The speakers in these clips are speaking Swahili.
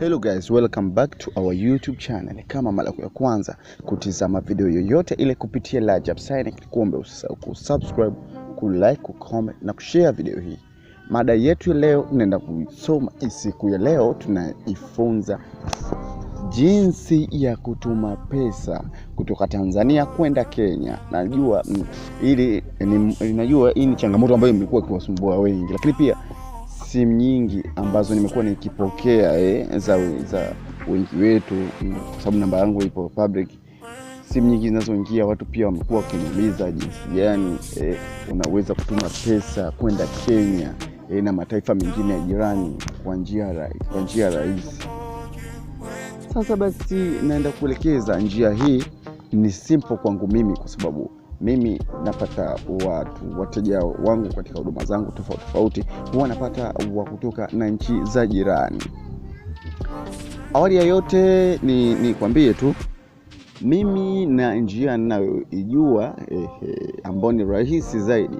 Hello guys, welcome back to our YouTube channel. Kama mara ya kwanza kutizama video yoyote ile kupitia Rajab Synic, kuombe usisahau kusubscribe, kulike, kucomment na kushare video hii. Mada yetu leo tunaenda kusoma Siku ya leo tunajifunza jinsi ya kutuma pesa kutoka Tanzania kwenda Kenya. Najua hili, mm, najua hii ni changamoto ambayo imekuwa ikiwasumbua wengi, lakini pia simu nyingi ambazo nimekuwa nikipokea eh, za, za wengi wetu, mm, kwa sababu namba yangu ipo public. Simu nyingi zinazoingia watu pia wamekuwa wakiniuliza jinsi gani eh, unaweza kutuma pesa kwenda Kenya eh, na mataifa mengine ya jirani kwa njia rahisi. Sasa basi, naenda kuelekeza njia hii ni simple kwangu mimi kwa sababu mimi napata watu wateja wangu katika huduma zangu tofauti tofauti huwa napata wa kutoka na nchi za jirani awali ya yote ni kwambie tu mimi na njia ninayoijua eh, eh, ambayo ni rahisi zaidi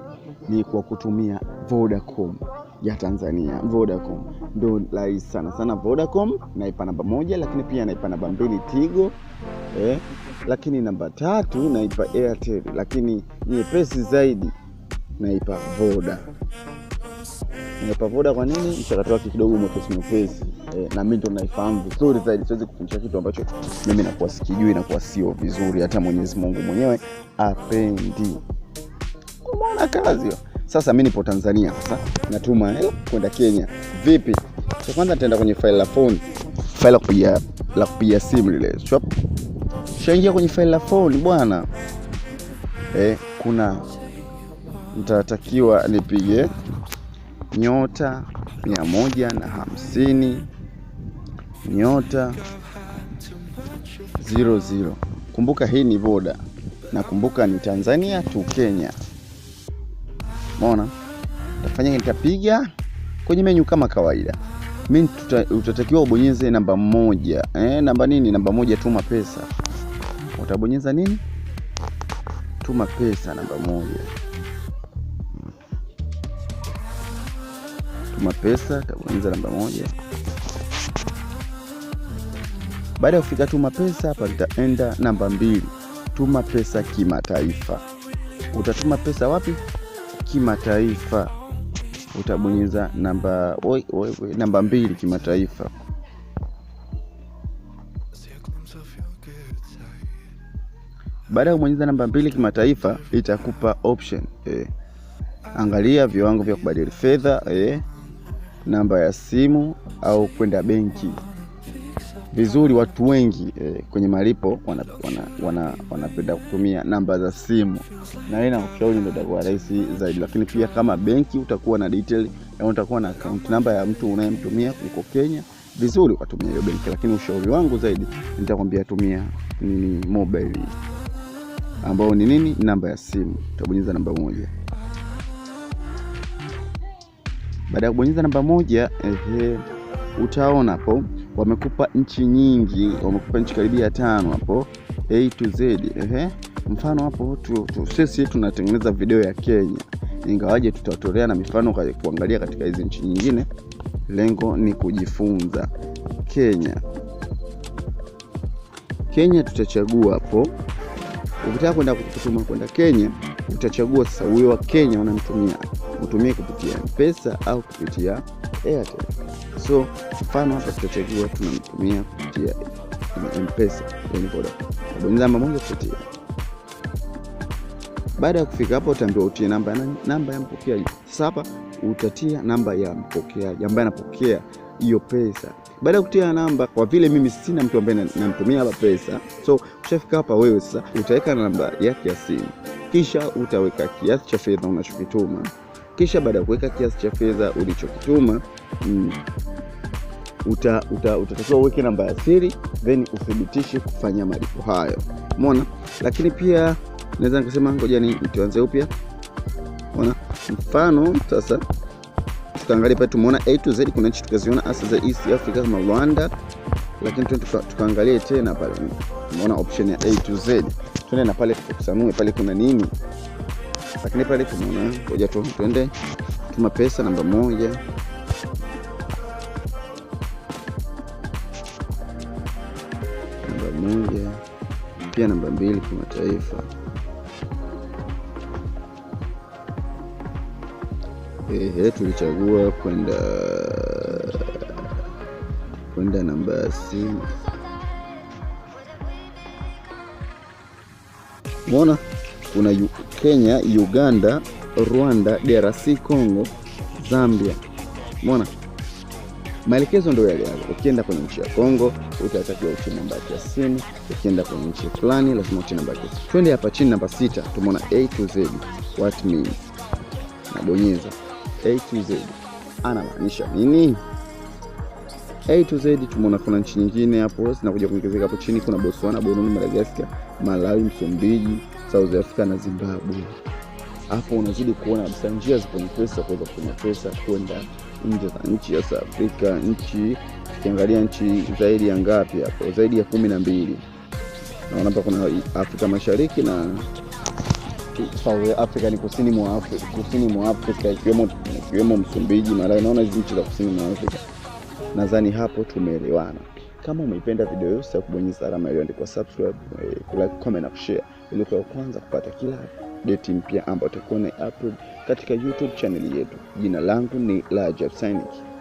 ni kwa kutumia vodacom ya tanzania vodacom ndo rahisi sana sana vodacom naipa namba moja lakini pia naipa namba mbili tigo eh? Lakini namba tatu naipa Airtel, lakini nyepesi zaidi naipa Voda. Naipa Voda kwa nini? Mchakato wake kidogo mwepesi mwepesi eh, na mi ndo naifahamu vizuri zaidi. Siwezi kufundisha kitu ambacho mimi nakuwa sikijui, nakuwa sio vizuri, hata Mwenyezi Mungu mwenyewe apendi. Umeona kazi yo. Sasa mi nipo Tanzania sasa natuma eh, kwenda Kenya. Vipi? Cha kwanza nitaenda kwenye faili la foni faili la kupiga simu lile. Tushaingia kwenye faili la fauli bwana eh, kuna nitatakiwa nipige nyota mia moja na hamsini nyota zero zero Kumbuka hii ni voda na kumbuka ni Tanzania tu Kenya. mona tafanya nitapiga kwenye menyu kama kawaida mi utatakiwa ubonyeze namba moja eh, namba nini? Namba moja, tuma pesa utabonyeza nini, tuma pesa, namba moja, tuma pesa, utabonyeza namba moja. Baada ya kufika tuma pesa hapa, nitaenda namba mbili, tuma pesa kimataifa. Utatuma pesa wapi? Kimataifa, utabonyeza namba, namba mbili, kimataifa. Baada ya kubonyeza namba mbili kimataifa, itakupa option eh. Angalia viwango vya kubadili fedha eh, namba ya simu au kwenda benki. Vizuri, watu wengi eh, kwenye malipo wanapenda wana, wana, wana kutumia namba za simu, na ina ushauri ndio itakuwa rahisi zaidi, lakini pia kama benki utakuwa na detail au utakuwa na account namba ya mtu unayemtumia kuliko Kenya vizuri ukatumia hiyo benki, lakini ushauri wangu zaidi nitakwambia tumia nini mobile ambao ni nini? Namba ya simu. Utabonyeza namba moja. Baada ya kubonyeza namba moja, ehe, utaona hapo wamekupa nchi nyingi, wamekupa nchi karibia tano hapo A to Z. Ehe, mfano hapo sisi tunatengeneza video ya Kenya, ingawaje tutatolea na mifano kuangalia katika hizi nchi nyingine. Lengo ni kujifunza Kenya. Kenya tutachagua hapo Ukitaka kwenda kutuma kwenda Kenya, utachagua sasa huyo wa Kenya unamtumia utumie kupitia Mpesa au kupitia Airtel. So mfano hapa tutachagua tunamtumia kupitia Mpesa, yani Vodacom. namba moja kupitia. Baada ya kufika hapo, utaambiwa utie namba namba ya mpokeaji. Sasa hapa utatia namba ya mpokeaji ambaye anapokea hiyo pesa. Baada ya kutia namba, kwa vile mimi sina mtu ambaye namtumia hapa pesa, so ushafika hapa wewe sasa, utaweka namba yake ya simu, kisha utaweka kiasi cha fedha unachokituma. Kisha baada ya kuweka kiasi cha fedha ulichokituma mm, utatakiwa uta, uta uweke namba ya siri then uthibitishe kufanya malipo hayo, umeona. Lakini pia naweza nikasema, ngoja ni tuanze upya, umeona. Mfano sasa tukaangalia pale tumeona A to Z, kuna nchi tukaziona hasa za East Africa kama Rwanda, lakini tukaangalie tena pale tumeona option ya A to Z, tuende na pale tukasanue pale kuna nini, lakini pale tumeona ngoja tu tuende tuma pesa namba moja namba moja pia namba mbili kimataifa Ehe, tulichagua kwenda kwenda namba ya simu. Umeona kuna Kenya, Uganda, Rwanda, DRC Congo, Zambia. mona maelekezo ndio yale Ukienda kwenye nchi ya Kongo utatakiwa uchi namba ya simu, ukienda kwenye nchi fulani lazima uchi namba ya Twende hapa chini, namba sita, tumeona A to Z, what means, nabonyeza A to Z anamaanisha nini? A to Z tumeona kuna nchi nyingine hapo zinakuja kuongezeka hapo chini, kuna Botswana, Burundi, Madagascar, Malawi, Msumbiji, South Africa na Zimbabwe. Hapo unazidi kuona kabisa njia zipo nyepesi za kuweza kufanya pesa kwenda nje za nchi, South Africa, Nchi tukiangalia nchi zaidi ya ngapi hapo, zaidi ya kumi na mbili. Naona hapa kuna Afrika Mashariki na South Africa ni kusini mwa Afrika, kusini mwa Afrika ikiwemo Msumbiji, Malawi, naona hizi nchi za kusini mwa Afrika. Nadhani hapo tumeelewana. Kama umeipenda video hiyo, usisahau kubonyeza alama iliyoandikwa subscribe, eh, kulike, comment na kushare ili kwa kwanza kupata kila update mpya ambayo tutakuwa na upload katika YouTube channel yetu. Jina langu ni Rajab Synic.